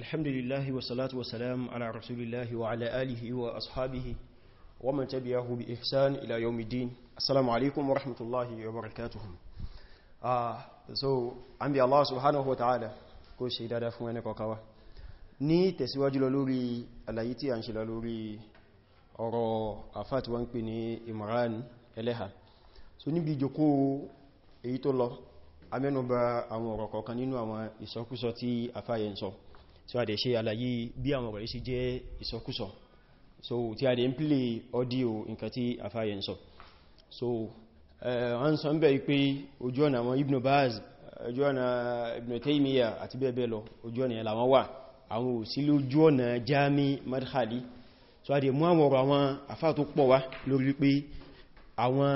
الحمد لله والصلاة والسلام على رسول الله وعلى آله وأصحابه ومن تبعه بإحسان إلى يوم الدين السلام عليكم ورحمة الله وبركاته uh, so àmbí Allah subhanahu wa ta'ala kó ṣe dáadáa fún ẹni kọkawa ní tẹ̀síwájú lọ lórí àlàyé tí a ń ṣe lọ lórí ọ̀rọ̀ àfáàtí wọ́n ń pè Imran Eleha so níbi ìjókòó èyí tó lọ amẹ́nubà àwọn ọ̀rọ̀ kọ̀ọ̀kan nínú àwọn ìsọkúsọ tí àfáyẹ̀ ń sọ so a dẹ̀ ṣe àlàyé bí àwọn ọ̀rẹ́ sí jẹ́ ìsọkúsọ so tí a dẹ̀ ń play audio nǹkan tí afáyẹ ń sọ so wọ́n sọ ń bẹ̀ pé ojú ọ̀nà àwọn Ibn Baz ojú ọ̀nà Ibn Taymiyyah àti bẹ́ẹ̀ bẹ́ẹ̀ lọ ojú ọ̀nà yẹn wà àwọn òsí lójú ọ̀nà Jami Madkhali so a dẹ̀ mú àwọn ọ̀rọ̀ àwọn afá tó pọ̀ wá lórí pé àwọn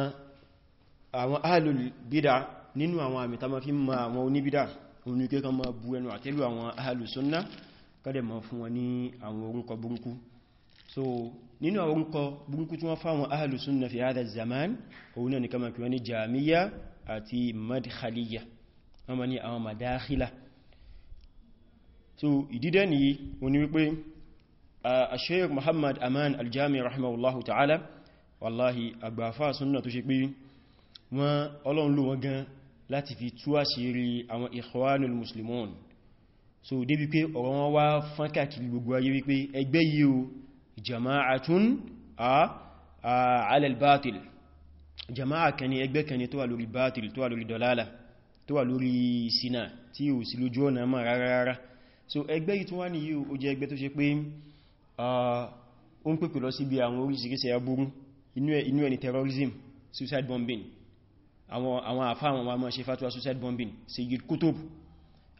ahlul bid'ah nínú àwọn àmì tá ma àwọn oníbid'ah òní kẹ́kọ́ máa bu ẹnu àtẹ́lú àwọn ahàlùsọ́nà kọ́dẹ̀ máa fún wọn ní àwọn orúkọ burúkú so nínú àwọn orúkọ burúkú tí wọ́n fáwọn ahàlùsọ́nà fi hadha zaman òun náà ni kama kí wọ́n ní jamiya wọ́n ní so ìdídẹ́ ni wọ́n ni wípé Sheikh Muhammad Aman Al-Jami rahimahullahu ta'ala wallahi agbafa sunna tó ṣe láti fi tú àṣírí àwọn ikhwanul muslimun so débi pé ọ̀rọ̀ wọn wá fán káàkiri gbogbo ayé wípé ẹgbẹ́ yìí o jama'atun a alal batil jama'a kani ẹgbẹ́ kani tó wà lórí batil tó wà lórí dalala tó wà lórí sina tí ó sì lójú ọ̀nà mọ́ rárára so ẹgbẹ́ yìí tó wá nìyí ó jẹ́ ẹgbẹ́ tó ṣe pé ó ń pèpè lọ síbi àwọn oríṣiríṣi aburú àwọn àfáwọn wa mọ́ ṣe fatuwa suicide bombing Sayyid Qutb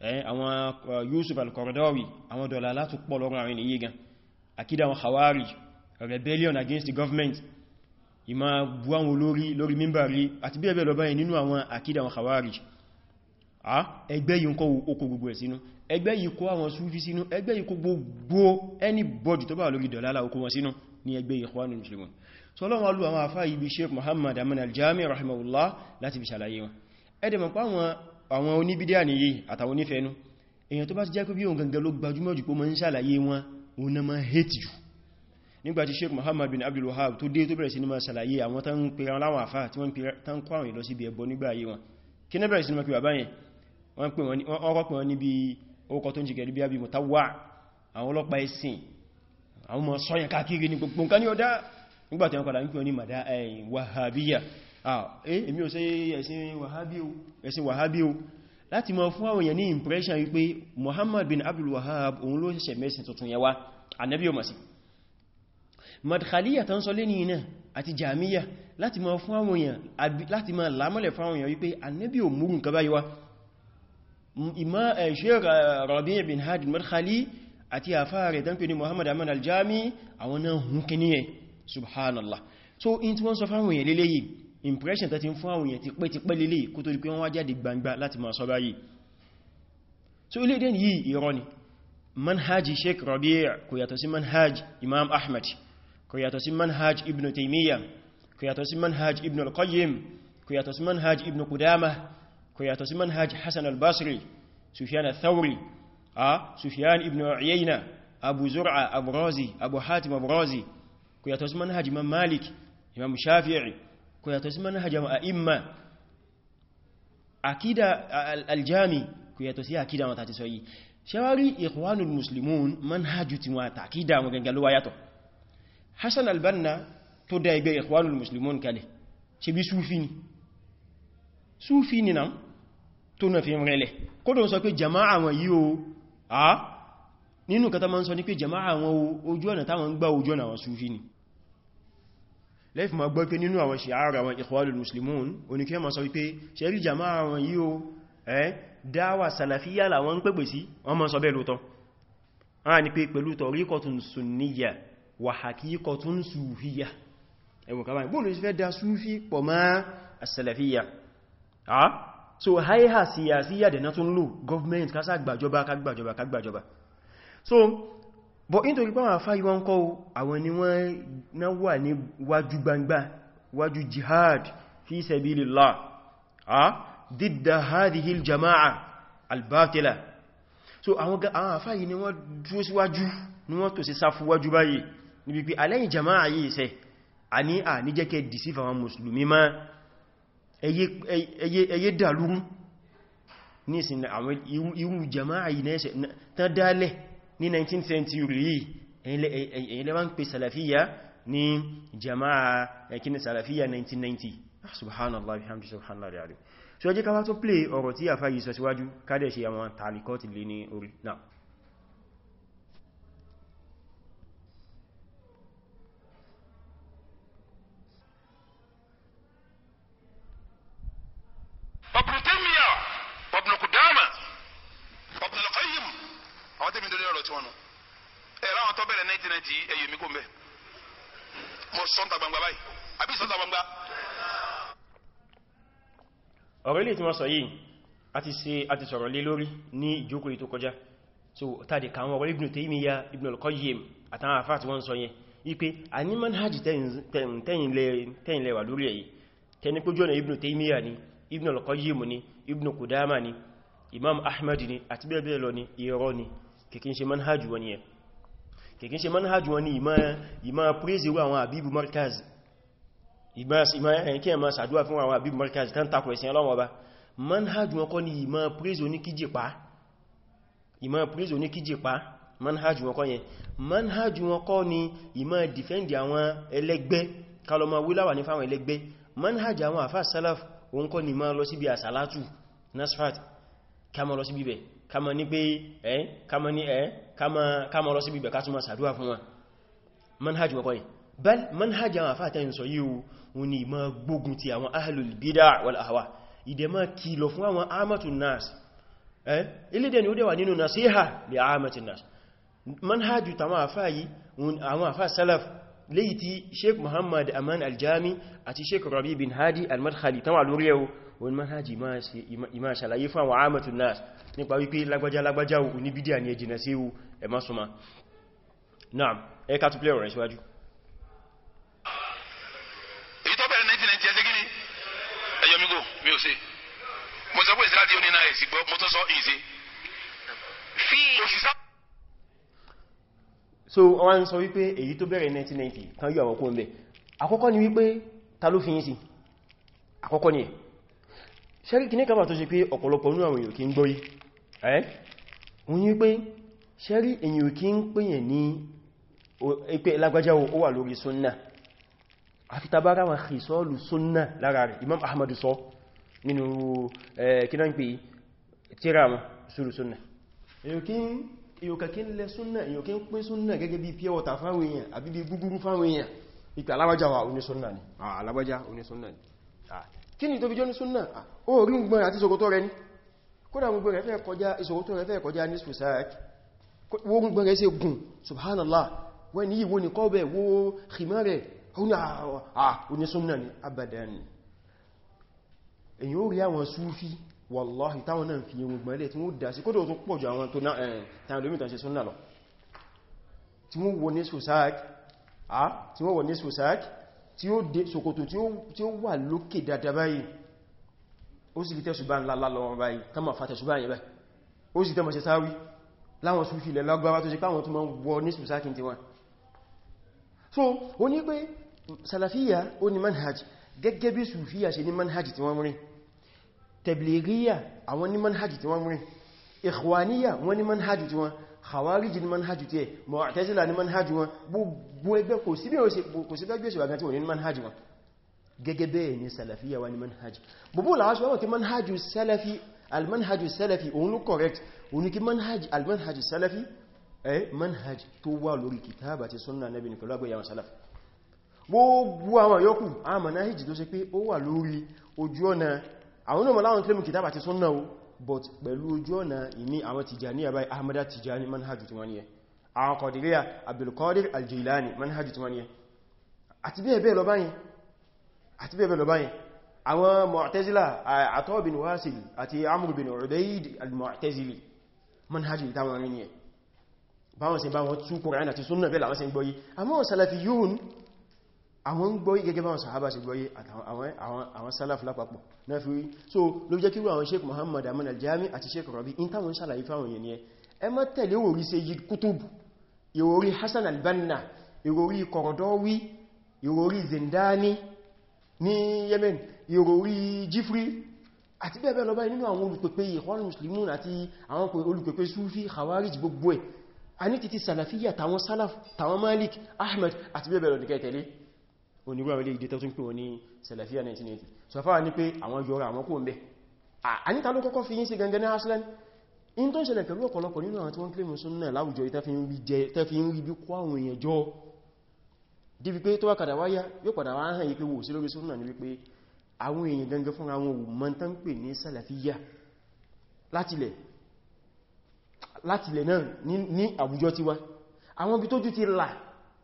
eh, àwọn uh, Yusuf al-Qaradawi àwọn dọ̀là látò pọ̀ lọ́rùn àwọn ènìyàn gan akídà àwọn Khawarij rebellion against the government ìmá bú àwọn olórí lórí mímbàrí àti bí ẹbẹ̀ lọ báyìí nínú àwọn akídà àwọn Khawarij ah, ẹgbẹ́ yìí ń kọ́ okò gbogbo ẹ̀ sínú ẹgbẹ́ yìí kó àwọn Sufi sínú ẹgbẹ́ yìí kó gbogbo anybody tó bá lórí dọ̀lá okò wọn sínú ní ẹgbẹ́ Ikhwanul Muslimin so lọ́wọ́ lú àwọn àfáà ibi sheikh muhammad amin aljami rahimahullah láti fi ṣàlàyé wọn ẹdẹ̀ mọ̀ pa àwọn oníbídíà nìyí àtàwọn onífẹ́nu èyàn tó bá ti jẹ́ pé bí òun gangan ló gbajúmọ̀ jù pé mọ́ ń ṣàlàyé wọn òun náà máa hate jù nígbàtí sheikh muhammad bin abdul wahab tó dé tó bẹ̀rẹ̀ sí ní máa ṣàlàyé àwọn tán ń pe àwọn ọlọ́pàá ẹ̀sìn àwọn ọmọ sọ́yìn káàkiri ní gbogbo nǹkan ní ọdá nígbàtí wọn padà ń pè ní màdá ẹ̀yìn wàhábíyà eh, èmi ò sẹ́ ẹ̀sìn wàhábí o láti mọ̀ fún àwọn èèyàn ní impression wípé Muhammad bin Abdul Wahab òun ló ṣẹ̀ṣẹ̀ mẹ́sìn tuntun yẹwa annabi omasi madkhaliya tán sọ lé ní iná àti jamiya láti mọ̀ fún àwọn èèyàn láti mọ̀ lámọ́lẹ̀ fún àwọn èèyàn wípé annabi bin Hadi madkhali àti àfáà rẹ̀ tán Muhammad aman aljami àwọn náà hun subhanallah so in tí wọ́n sọ fáwọn èèyàn lélé yìí impression tó ti ń fún àwọn èèyàn ti pẹ́ ti pẹ́ lélé kó tó di pé wọ́n wá jáde gbangba láti máa sọ báyìí so ilé dẹ́n yìí irọ́ ni manhaj sheikh rabi' kò yàtọ̀ sí manhaj imam ahmad kò yàtọ̀ sí manhaj ibn taymiyyah kò yàtọ̀ sí manhaj ibn al-qayyim kò yàtọ̀ sí manhaj ibn qudamah kò yàtọ̀ sí manhaj hassan al-basri sufiyan al-thawri a ah, sufyan ibn uyayna abu zur'a abu razi abu hatim abu razi kò yàtọ̀ sí manhaj imam malik imam shafi'i kò yàtọ̀ sí manhaj a'imma akida aljami kò yàtọ̀ sí akida wọn tàti sọ yìí ṣẹwárí ikhwanul muslimun manhaju ti wọn tàkídà wọn gangan ló wá yàtọ̀ hassan albanna tó dá ẹgbẹ́ ikhwanul muslimun kalẹ̀ ṣe bí súfí ni súfí ni náà tó náà fi rẹlẹ̀ kódò sọ pé jama'a wọn yí o a kata ma ń sọ ní pé jama'a wọn ojú ọ̀nà táwọn gbá ojú ọ̀nà wọn súfí ni lẹ́fì ma gbọ́ pé nínú àwọn ṣìára àwọn ikhwanul muslimun oníkẹ́ ma sọ wípé ṣẹ́rí jama àwọn yí o ẹ́ dáwà salafiyya làwọn ń pèpè sí wọ́n ma sọ bẹ́ẹ̀ lótọ́ a ní pé pẹ̀lú tọ̀ríkọtún sunniya wà hakíkọtún sufiya ẹwọ̀n kama bóòlù fẹ́ da sufi pọ̀ bọ̀ nítorí pé àwọn afáyí wọ́n kọ́ àwọn ni wọ́n na wà ní wájú gbangba wájú jihad fi sabilillah a didda hadhihi aljama'a albatila so àwọn afáyí ni wọ́n dúró sí wájú ni wọ́n tò sí sáfú wájú báyìí níbi pé alẹ́yìn jama'a yìí sẹ a ní à ní jẹ́kẹ́ dìsífà wọn musulmi ma ní 19th century yìí èyí lẹ́wà ń pè sàlàfíyà ní jama'a ẹkíní sàlàfíyà 1990 subhanallah bihamdi subhanallah rẹ̀ so ẹjẹ́ ká wá tó play ọ̀rọ̀ tí àfáyí sọ síwájú kádẹ̀ ṣe àwọn tààlikọ́ ti lè ní orí náà gbangba báyìí àbí ìsọ́ta gbangba ọ̀rọ̀ ilé tí wọ́n sọ yìí àti ṣe àti sọ̀rọ̀ lé lórí ní ìjókòó yìí tó kọjá so tàdé ka àwọn ọ̀rọ̀ Ibn Taymiyyah Ibn al-Qayyim àtàwọn àfáà tí wọ́n sọ yẹn wípé a ní manhajì tẹ́yìn lẹ́wà lórí ni Ibn al-Qayyim Imam Ahmad ni àti bẹ́ẹ̀ bẹ́ẹ̀ lọ ni irọ́ kìkín ṣe manhaj wọn ni ìmá praise wọ àwọn àbíbù markaz kí ẹ ma sàdúwà fún àwọn àbíbù markaz tán takò ẹ̀sìn ọlọ́wọ́ bá manhaj wọn kọ́ ni ìmá praise oníkíjìpá ìmá praise oníkíjìpá manhaj wọn kọ́ yẹn manhaj wọn kọ́ ni ìmá defend àwọn ẹlẹ́gbẹ́ kalọmọ wíláwà ní fáwọn ẹlẹ́gbẹ́ manhaj àwọn àfà salaf òun kọ́ ni ma lọ síbi àsàlátù nasfat ká ma lọ síbi kama ní pé ẹ́ kama ní ẹ́ kama lọ sí bíbẹ̀ ká túnmà sàdúwà fún wa manhaj wọ́kọ́ yìí bal manhaj àwọn àfáàtà yìí sọ yíò wọn ni ma gbógun ti àwọn ahlul bid'a wal ahwa ìdẹ ma kìlọ̀ fún àwọn amatun nas ẹ́ ilédẹ̀ ni ó dẹ̀wà nínú nasiha li amatun nas manhaj tàwọn àfáà yìí àwọn àfáà léyìí ti sheikh muhammad aman aljami àti sheikh rabi bin hadi al-madkhali tàwọn lórí ẹwọ́ wọn manhajì ìmá ṣàlàyé fún àwọn amatun nas nípa wípé lágbàjá lágbàjá òní bídíà ní ẹjìnà sí ewu ẹmá súnmá náà ẹ ká tún play ọ̀rẹ́ síwájú so wọ́n sọ wípé èyí tó bẹ̀rẹ̀ 1990 kan yíò àwọn kó ń bẹ̀ àkọ́kọ́ ni wípé ta ló fi yín sí àkọ́kọ́ ni ṣẹ́rí kìní kama tó ṣe pé ọ̀pọ̀lọpọ̀ nínú àwọn èèyàn kí ń gbọ́ yìí ẹ́ wọ́n yí pé ṣẹ́rí èèyàn kí ń pèyàn ní pé lágbájá ó wà lórí súnnà àfitabára wọn kìsọ́ọ̀lù súnnà lára rẹ̀ Imam Ahmad sọ nínú kínan pé tíra sùrù súnnà èèyàn kí ń lẹ súnnà èèyàn kí ń pín súnnà gẹ́gẹ́ bí pure water fáwọn èèyàn àbí bí gúgúrú fáwọn èèyàn ìpẹ̀ alábájá wa onísúnnà ni kí ni tó fi jọ ní súnnà ó rí gbọ́n àti ìṣòkòtò rẹ ní kódà gbogbo rẹ̀ fẹ́ kọjá ìṣòkòtò rẹ̀ fẹ́ kọjá ní sùsáàk wó gbọ́n rẹ̀ sí gùn subhanallah wọ́n ní ìwò ní kọ́bẹ̀ wó kìmọ́ rẹ̀ oní súnnà ní abadan èyí ó rí àwọn súfí wallahi táwọn náà fi wọ́n wọ ní sùsáàk tí ó dé ṣòkòtò tí ó wà lókè dada báyìí ó sì fi tẹ́ṣùbá ńlá lọ́wọ́ báyìí ká ma fa tẹ́ṣùbá yẹn báyìí ó sì tẹ́mọ̀ ṣe sáwí láwọn sùfì ilẹ̀ lágbára tó ṣe káwọn tó ma ń wọ ní sùsákin ti wọn so ó ní pé salafiya ó ní manhaj gẹ́gẹ́ bí sùfíyà ṣe ní manhaj tí wọ́n rìn tẹ̀blìríyà àwọn ní manhaj tí wọ́n rìn ìkwàníyà wọ́n ní manhajjú tí wọ́n khawarij ní manhajjú tí ẹ mu'tazila ní manhajjú wọn gbogbo ẹgbẹ́ kò sí gbẹ́gbẹ́ ṣe wàgán tí wọ́n ní manhajjú wọn gẹ́gẹ́ bẹ́ẹ̀ ni salafiya wa ní manhajjú gbogbo làwáṣù wọ́n kí manhajjú salafi almanhajjú salafi òun ló correct òun kí manhajjú almanhajjú salafi eh manhaj tó wà lórí kìtàbà ti sunna nabi ní pẹ̀lú agbẹ̀yàwó salafi gbogbo àwọn yòókù a manhajj tó ṣe but pẹ̀lú ojú ọ̀nà ìní àwọn Tijaniya báyìí Ahmada Tijani manhajù tí wọ́n ní ẹ àwọn Qadiriyya Abdul Qadir al-Jilani manhajù tí wọ́n ní ẹ àti bẹ́ẹ̀ bẹ́ẹ̀ lọ báyìí àti bẹ́ẹ̀ bẹ́ẹ̀ lọ báyìí àwọn Mu'tazila Ata bin Wasil àti Amr àwọn ń gbọ́yí gẹ́gẹ́ báwọn sàhábà sí gbọ́yí àwọn salaf lápapọ̀ náà fi rí so ló jẹ́ kíwà àwọn sheik Muhammad Amin Al-Jami àti sheik Rabi in táwọn sàlàyé fáwọn yẹn yẹn ẹ má tẹ̀lé orí Sayyid Qutb ìrorí Hassan al-Banna ìrorí Qaradawi ìrorí Zindani ní Yemen ìrorí Jifri àti bẹ́ẹ̀ bẹ́ẹ̀ lọ báyìí nínú àwọn olùpẹ̀pẹ̀ Ikhwan Muslimun àti àwọn olùpẹ̀pẹ̀ Sufi Khawarij gbogbo ẹ̀ a ní títí Salafiyya tàwọn Salaf tàwọn Malik Ahmed àti bẹ́ẹ̀ bẹ́ẹ̀ lọ nìkẹ́ tẹ̀lé onígbàwẹ̀lẹ̀ ìdí tó tún pè wọ́n ní Salafia 1980 so fáwà ní pé àwọn yọra àwọn kó ń bẹ̀ àníta ló kọ́kọ́ fi yí sí gangan ní aslan in tó ń ṣẹlẹ̀ pẹ̀lú ọ̀pọ̀lọpọ̀ nínú àwọn tí wọ́n kílèmù súnnà láwùjọ ìtẹ́fin rí bí kó àwọn èèyàn jọ díbi pé tó wákàdà wáyá yóò padà wá hàn yí pé wò sí lórí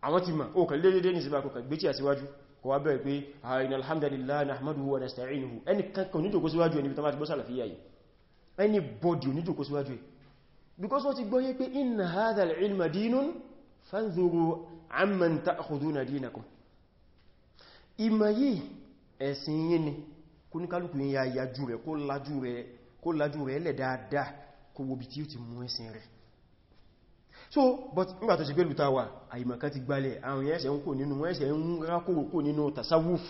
àwọn ti ma o kàn lédédé ní síbá kọkàn gbé tí a síwájú kọ wá bẹ̀rẹ̀ pé ààrin ah, alhamdulillah na ahmadu wa nasta'inuhu ẹni kankan oníjòkó síwájú ẹni bitama ti gbọ́ sàlàfíyà yìí ẹni bọ́dì oníjòkó síwájú because wọ́n ti gbọ́ yé pé inna hadha al-ilma dinun fanzuru amman ta'khuduna dinakum ìmọ̀ yìí ẹ̀sìn yín ni kó ní kálùkù yín lájú rẹ̀ lẹ̀ kó wo tí ó ti mú ẹ̀sìn rẹ̀ so but nígbà tó ṣe pé lùta wà àìmọ̀kan ti gbalẹ̀ àwọn ẹ̀ṣẹ̀ ń kò nínú ẹ̀ṣẹ̀ ń rákòrò kò nínú tasawuf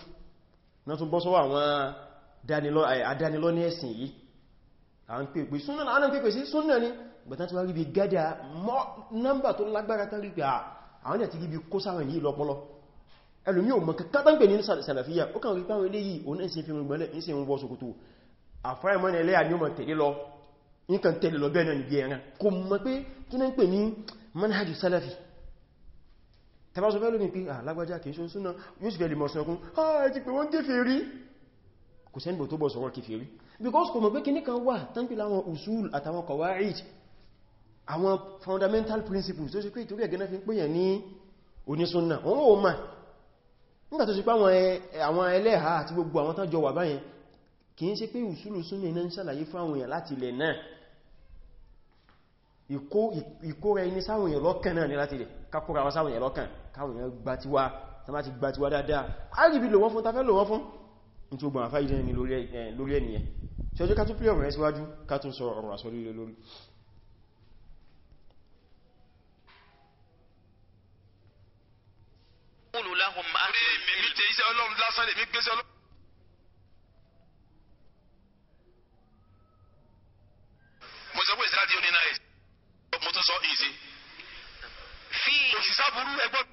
náà tún bọ́ sọ́wọ́ àwọn adánilọ́ ní ẹ̀sìn yìí à ń pèpè súnà náà pèpè sí súnà ní gbẹ̀tán tí wá rí bí gádà mọ́ nọ́mbà tó lágbára tán rí pé àwọn ẹ̀tí rí bí kó sáwọn yìí lọ́pọlọ ẹlòmí ò mọ̀ kankan tán pè ní sàlàfíyà ó kàn rí páwọn eléyìí òun ẹ̀sìn fi rùn gbẹ̀lẹ̀ ìsìn wọ́n sòkòtò àfáìmọ́ni ẹlẹ́yà ni ó mọ̀ tẹ̀lé lọ nǹkan tẹ́lẹ̀ lọ bẹ́ẹ̀ náà níbi ẹ̀ràn kò mọ̀ pé kí náà ń pè ní manhajj salafi tàbásọ fẹ́ lómi pé àlágbájá ah, kìí ṣe súnà yóò sì fẹ́ lè mọ̀ sọkún àà ah, ti pè wọ́n kèfèrí kò sẹ́nbò tó bọ̀ sọ̀rọ̀ kèfèrí because kò mọ̀ pé kíní kan wà tánkì láwọn usul àtàwọn kawaid àwọn fundamental principles tó ṣe pé ìtorí ẹ̀gẹ́nà fi ń pèyàn ní onísúnà wọ́n ó mà nígbà tó ṣe pé àwọn ẹlẹ́ha àti gbogbo àwọn tán jọ wà báyẹn kìí ṣe pé usulu súnmí iná ń ṣàlàyé fún àwọn èèyàn láti ilẹ̀ náà ìkóra ẹni sáwọn èèyàn lọ́kàn náà ní láti ilẹ̀ kákóra wa sáwọn èèyàn lọ́kàn káwọn èèyàn gba tiwa tàbá ti gba tiwa dáadáa arìbí lò wọ́n fún tafẹ́ lò wọ́n fún ní tí ó gbọ́n àfáà ìdẹ́ni lórí ẹniyẹn tí Ọlọ́run lásán lè mí ọlọ́run sọ pé ìsirádìí ó ní náà mo tún sọ èsì. fi òṣìṣẹ́ burú ẹgbọ́n.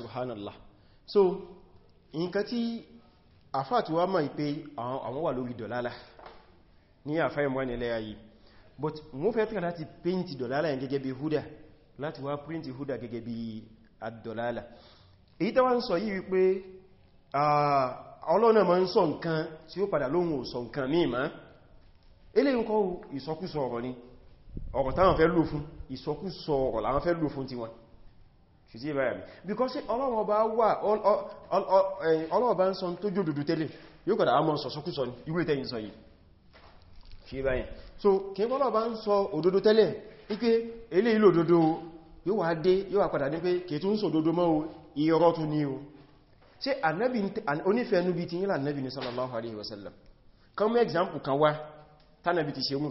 subhanallah so nǹkan tí afati wá máa pé àwọn wà lórí dọ̀lálà ní àfáìm wà nílẹ̀ ayé but wọ́n fẹ́ tẹ́kà láti pẹ́ntì dọ̀lálà yẹn gẹ́gẹ́ bí húdà láti wá pẹ́ntì húdà gẹ́gẹ́ bí àdọ̀lálà èyí tẹ́wà ń sọ yìí wípé ọlọ́nà ma ń sọ nǹkan tí ó padà lóhun ò sọ nǹkan míì má ilé ń kọ́ ìsọkúsọ ọ̀rọ̀ ni ọ̀rọ̀ táwọn fẹ́ lò fún ìsọkúsọ ọ̀rọ̀ láwọn fẹ́ lò fún tiwọn ṣìtí ìbáyà because ọlọ́wọ́ bá wà ọlọ́wọ́ bá ń sọ tó jò dúdú tẹ́lẹ̀ yóò kọ̀dá àmọ́ sọ̀sọ́kúsọ irú ìtẹ́yìn sọ yìí ṣe so kí ọlọ́wọ́ bá ń sọ òdodo tẹ́lẹ̀ ipé ilé ìlò òdodo yóò wá dé yóò wá padà ní pé kì tún sọ òdodo mọ́ irọ́ tún ní o ṣe ànábì onífẹ́ẹ̀nú bí ti yílà ànábì ní sallallahu example kan wá tánàbì ti ṣe mú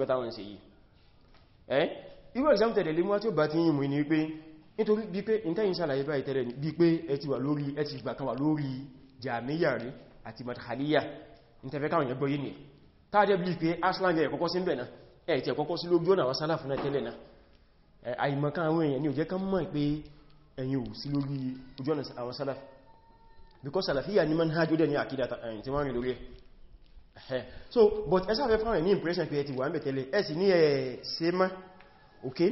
eh irú example tẹ̀lẹ̀ lé mú wá tí ó bá ti yìí ní pé nítorí bí pé ìntẹ́yìn sàlàyé bá ìtẹ́rẹ bí pé ẹti wà lórí ẹti ìgbà kan wà lórí jàmíyà rí àti madhaliya ìtẹ́fẹ́ káwọn yẹ gbọ́yé ní tààdẹ́ bí pé aslan yẹ kọ́kọ́ sí ń bẹ̀ náà ẹ̀ tẹ́ kọ́kọ́ sí lójú ọ̀nà wásálà fún tẹ́lẹ̀ náà àìmọ̀kan àwọn èèyàn ní ò jẹ́ ni manhaj ó dẹ̀ ní àkídà tí wọ́n rìn so but ẹ sáfẹ́ fáwọn impression pé ẹ ti wà ń bẹ̀ tẹ́lẹ̀ okay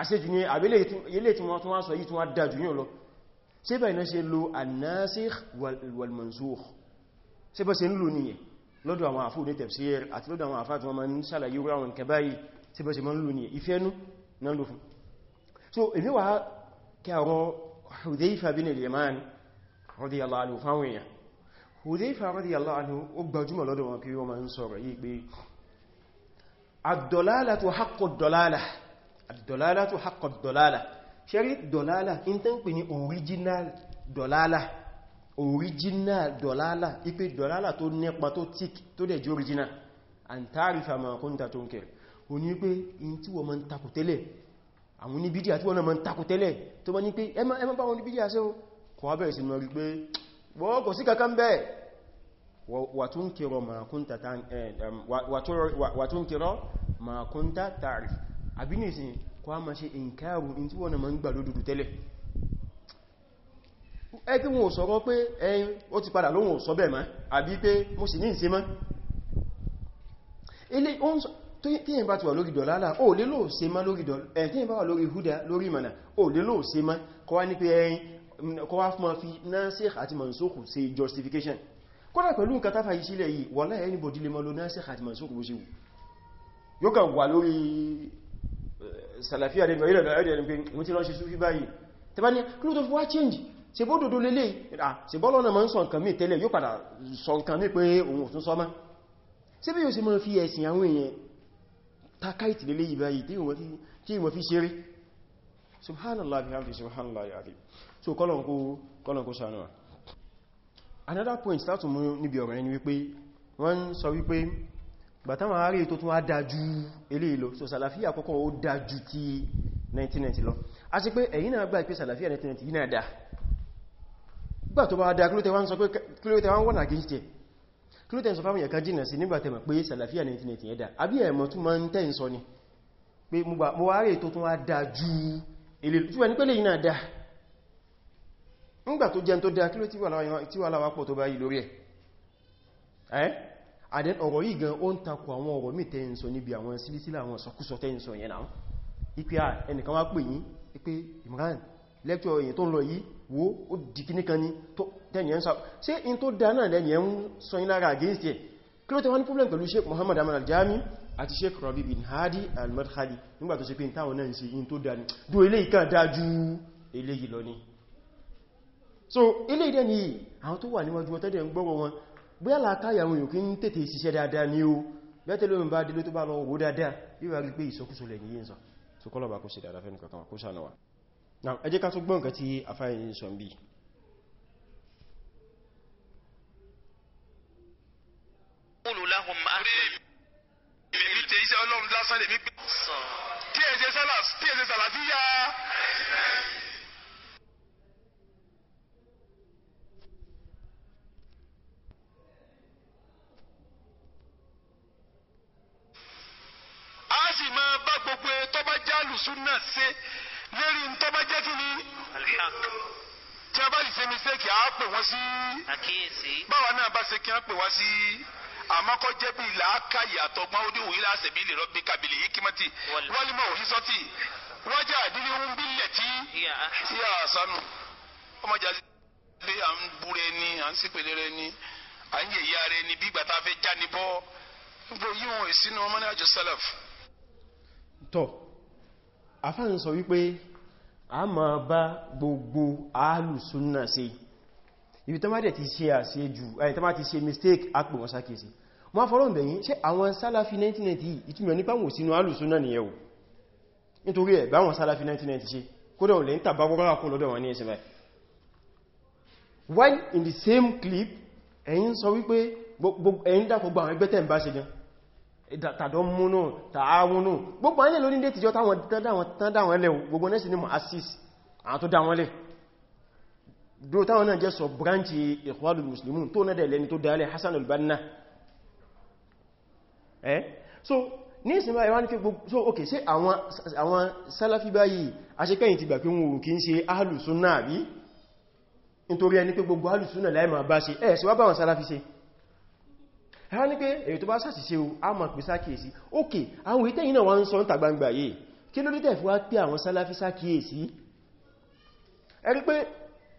àṣejù ní àbílẹ̀ tí wọ́n tún wá sọ yìí tún wá dájú yìí lọ ṣe bá iná ṣe lo annasikh wal mansukh ṣe bá ṣe ń lò níyẹ lọ́dọ̀ àwọn àfú ní tafsir àti lọ́dọ̀ àwọn àfáàtí wọn so èmi wà kẹrọ Hudhayfa bin al-Yamani radiyallahu anhu fáwọn èèyàn Hudhayfa radiyallahu anhu ó gbajúmọ̀ lọ́dọ̀ wọn kí wọ́n ma ń sọ̀rọ̀ yìí pé àdìdọ̀lálà tó hakọ̀ dọ̀lálà ṣẹ́rí dọ̀lálà in tẹ́ ń pè ní original dọ̀lálà original dọ̀lálà ipé dọ̀lálà tó nípa tó tík tó dẹ̀ jí original and tarifa ma kúnta tó ń kẹrẹ o ní pé in tí wọ́n ma ń takò tẹ́lẹ̀ àwọn oníbídí àti wọ́n ma ń takò tẹ́lẹ̀ tó bá ní pé ẹ ma kunta tarif àbí ní ìsìn kọ́ a ma ṣe ìǹkàrù in tí wọ́n na ma ń gbà lódúdú tẹ́lẹ̀ ẹgbẹ́ wọn ò sọ̀rọ̀ pé ẹyìn ó ti padà lóhun ò sọ bẹ́ẹ̀ mọ́ àbí pé mo sì ní ìsinmọ́ ilé oún tíyìn bá ti wà lórí dọ̀lálà ó lè lóò se mọ́ lórí dọ̀lálà tíyìn justification kọ́dà pẹ̀lú nǹkan táfà yìí sílẹ̀ yìí wallahi anybody lè mọ́ lọ nasikh àti mansukh bó ṣe wù yóò kà wà lórí sàlàfíà rẹ̀ ìrìnlẹ̀ ẹ̀rẹ̀ rẹ̀ pé mo ti ránṣẹ́ súfí báyìí tẹbá ní kí ló wá change ṣe bó dòdó lélẹ̀ ṣe bọ́lọ́ náà ma ń sọ nǹkan mí tẹ́lẹ̀ yóò padà sọ nǹkan mí pé òun ò tún sọ mọ́ so kọ́lọ̀ kó sànú another point láti mú gbàtàwọn àárí tó tún wá ilé ìlò so sàlàfíà àkọ́kọ́ ó dájú ti 1990 lọ a sì pé ẹ̀yin náà gbà pé sàlàfíà 1990 yìí náà dá gbà tó bá dá kílótẹ̀ wá ń sọ pé kílótẹ̀ wá ń wọ́n against ẹ̀ kílótẹ̀ sọ fáwọn ẹ̀kan jìnà sí nígbà tẹ̀mọ̀ pé sàlàfíà 1990 yẹn dá àbí ẹ̀mọ̀ tún máa ń tẹ́ ń sọ ni pé mo wá rí tó tún wá dájú ilé ìlò tí wà ní pẹ́lẹ̀ yìí dá ńgbà tó jẹun tó dá kílótẹ̀ wà láwá pọ̀ tó bá yìí lórí ẹ̀ àdẹ́ ọ̀rọ̀ yìí gan ó ń takò àwọn ọ̀rọ̀ mí tẹ́yìnsọ níbi àwọn sílísílà àwọn sọkúsọ tẹ́yìnsọ yẹn náà ipé ẹnìkan wá pè yín ipé Imran lẹ́kṣọ́ èyàn tó ń lọ yìí wo ó di kíní kan ní tẹ́yìn sọ ṣé in tó dá náà lẹ́yìn ń sọ yín lára against ẹ̀ kí ló tẹ́ wọ́n ní problem pẹ̀lú Sheikh Muhammad Aman Al-Jami àti Sheikh Rabi bin Hadi Al-Madkhali nígbà tó ṣe pé táwọn náà ń ṣe in tó dá ní dó eléyìí kan dá ju eléyìí lọ ni so eléyìí dẹ́ ni àwọn tó wà níwájú ọtẹ́dẹ̀ ń gbọ́rọ̀ wọn bóyá látàyà àwọn yòókí ń tètè ṣiṣẹ́ dáadáa ní o bẹ́tẹ̀ lómi bá délé tó bá lọ wó dáadáa bí wà rí pé ìsọkúsọ lẹ̀ ní yínsọ so kọ́lọ̀bà kó ṣe dáadáa fẹ́nu kankan kó ṣànà wa wọ́n sí. àkíyèsí. báwa náà bá ṣe kí wọ́n pè wá sí àmọ́ kọ́ jẹ́ bíi làákàyè àtọ́gbọ́n ó dín òyìnlá àṣẹbí lè rọ́bí kábìlì yìí kímọ́tì wọ́n lè mọ òyìn sọ́tì wọ́n jẹ́ àdínní ń bílẹ̀ tí yíyá àṣánu ọmọjà pé à ń búrẹ́ ni à ń sípèlérẹ́ ni à ń yẹ̀yà rẹ ni bí gbàtà fẹ́ já ni bọ́ gbogbo yìí wọn ìsinú ọmọ ní àjọ sálàf. tọ afáàní sọ wípé a máa bá gbogbo àálùsùn náà ṣe ibi tó má dẹ̀ ti ṣe àṣejù ẹ̀ tó má ti ṣe mistake àpò wọn sákèsí wọ́n fọ́lọ́n bẹ̀yìn ṣe àwọn sálàfí 1990 ìtumọ̀ nípa wọn sínú alùsúnà nìyẹn o nítorí ẹ̀ bá wọn sálàfí 1990 ṣe kódà wọn lè ń tàbá wọ́rọ̀ wọn ní in the same clip ẹ̀yin sọ wípé ẹ̀yin dàpọ̀ gbà àwọn ẹgbẹ́ tẹ̀ ń bá ṣe gan tàdọ́ múnú tààwúnú gbogbo ayẹ́lẹ̀ lóní dé tìjọ táwọn dáwọn ni mọ̀ assist àwọn tó dáwọn lẹ̀ do táwọn náà jẹ́ sọ branchi Ikhwanul Muslimun tó nẹ́dẹ̀ lẹni tó dálẹ̀ Hassan al-Banna eh so ní ìsinmi àìwá ní gbogbo so ok ṣe àwọn Salafi báyìí aṣekẹ́yìn ti gbà pé wọn ò kí ń ṣe Ahlus Sunnah àbí nítorí ẹni pé gbogbo Ahlus Sunnah láì máa bá ṣe ẹ̀ sí wá bá wọn Salafi ṣe ẹ̀rọ ní pé èyí tó bá ṣàṣìṣe o a ẹ̀rí pé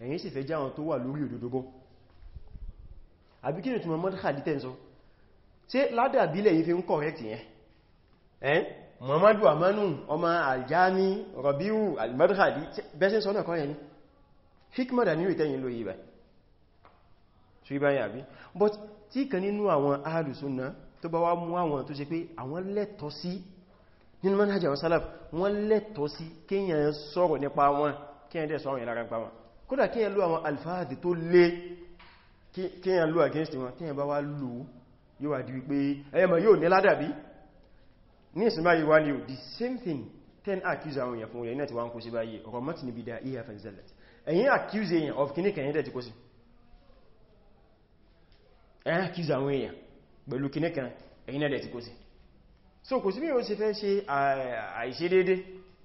ẹ̀yin sì fẹ́ já wọn tó wà lórí òdòdógún àbí kí ni túnmọ̀ mọ́díkà dítẹ́ ń sọ ṣe ládàbílẹ̀ yìí fi ń kọ̀rẹ́kì yẹn ẹn Muhammadu Amanu ọmọ Aljami Rabiu al-Madkhali bẹ́sẹ̀ sọ́nà kọ́ ni hikmada ní ìtẹ́yìn ló yìí bẹ̀ ṣe but tí kan nínú àwọn ahàlùsúnna tó bá wá mú àwọn tó ṣe pé àwọn lẹ́tọ̀ọ́ sí nínú manhaj àwọn salaf wọ́n lẹ́tọ̀ọ́ sí kéèyàn sọ̀rọ̀ nípa wọn kéèyàn dẹ̀ sọ̀rọ̀ ìlara pa wọn kódà kí yẹn lú àwọn alfáàdì tó lé kí yẹn lú against wọn tí yẹn bá wá lú yóò wà di wípé ẹyẹmọ̀ yóò ní ládàbí ní ìsinmá yíwá ní ò the same thing ten accuse àwọn èèyàn fún rẹ̀ iná ti wá ń kó sí báyìí ọ̀rọ̀ mọ́tí níbi dá ihe fẹ́nzẹ̀lẹ̀t ẹ̀yìn accuse èèyàn of kìíní kẹ̀yìn dẹ̀ ti kó sí ẹ̀yìn accuse àwọn èèyàn pẹ̀lú kìíní kan ẹ̀yìn dẹ̀ ti kó sí so kò sí bí ó ṣe fẹ́ ṣe àìṣedédé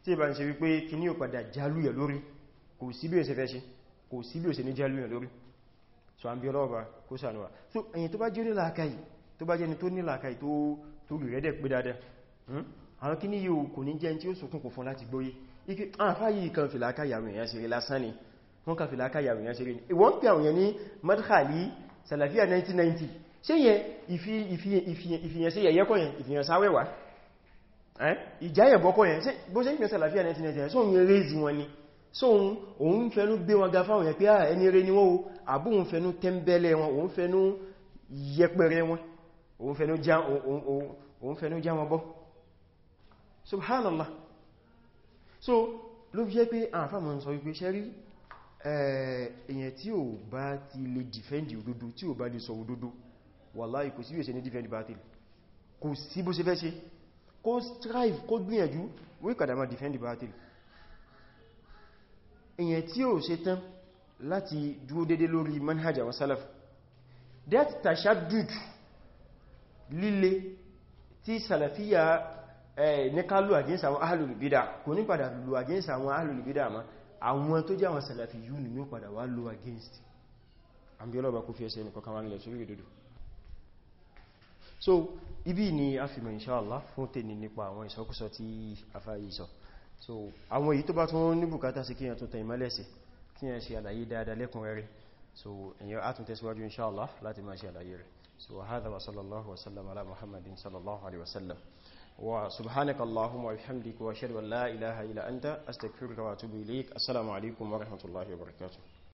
tí ìbá ń ṣe wípé kìíní ò padà jálúyẹ̀ lórí kò sí bí ó ṣe fẹ́ ṣe kò sí bí ó ṣe ní jẹ́ lóyìn lórí so a ń bí ọlọ́ọ̀bá kó sànúwà so èyàn tó bá jẹ́ nílàákàyì tó bá jẹ́ ni tó nílàákàyì tó rí rẹ́dẹ̀ pé dáadáa hmm? àwọn kí ní yíò kò ní jẹ́ tí ó sòkùn kò fún láti gbóyé ike àfá yìí kan fìlàákàyà àwọn èèyàn ṣeré lásán ni wọ́n kan ni ìwọ́n salafia 1990 ṣe yẹn ìfìyàn ìjáyẹ̀bọ́kọ́ yẹn bó ṣe ń pè salafia 1990 ṣe òun rèézi wọn ni so òun fẹ́nu gbé wọn ga fáwọn yẹn pé à ah, ẹni rẹ ni wọ́n o àbú òun fẹ́nu tẹ́mbẹ́lẹ̀ wọn òun fẹ́nu yẹpẹrẹ wọn òun fẹ́nu já wọn bọ́ subhanallah so ló fi jẹ́ pé àfàmọ́ sọ wípé ṣẹ́rí èyàn tí ò bá ti lè dìfẹ́ndì òdodo tí ò bá lè sọ òdodo wàláhì kò sí bí ó ṣe ní dìfẹ́ndì bátìl kò sí bó ṣe fẹ́ ṣe kó strive kó gbìyànjú wíkàdàmà dìfẹ́ndì bátìl èyàn tí ó ṣe tán láti dúó dédé lórí manhaj àwọn salaf that tashaddud líle tí salafiyya ní ká lù against àwọn ahlul bid'ah kò ní padà lù against àwọn ahlul bid'ah ma àwọn tó jẹ́ àwọn salafiyyun ní ó padà wá lù against àbíọ́lọ́bà kó fi ẹsẹ̀ ní kọkànwà nílẹ̀ sórí ìdòdó so ibi ni a fi mọ̀ inṣáàlá fún tè ní nípa àwọn ìsọkúsọ tí a fáyé sọ so àwọn èyí tó bá tún ní bùkátà sí kíyàn tó tẹ̀yìn mẹ́lẹ́sì kíyàn ṣe àlàyé dáadáa lẹ́kùn rẹ̀ so èyàn á tún tẹ̀síwájú inṣáàlá láti máa ṣe àlàyé rẹ̀ so hadha wa sallallahu wa sallam ala muhammadin sallallahu alaihi wa sallam wa subhanaka wa bihamdika wa ashhadu la ilaha illa anta astaghfiruka wa atubu assalamu alaikum wa rahmatullahi wa barakatuh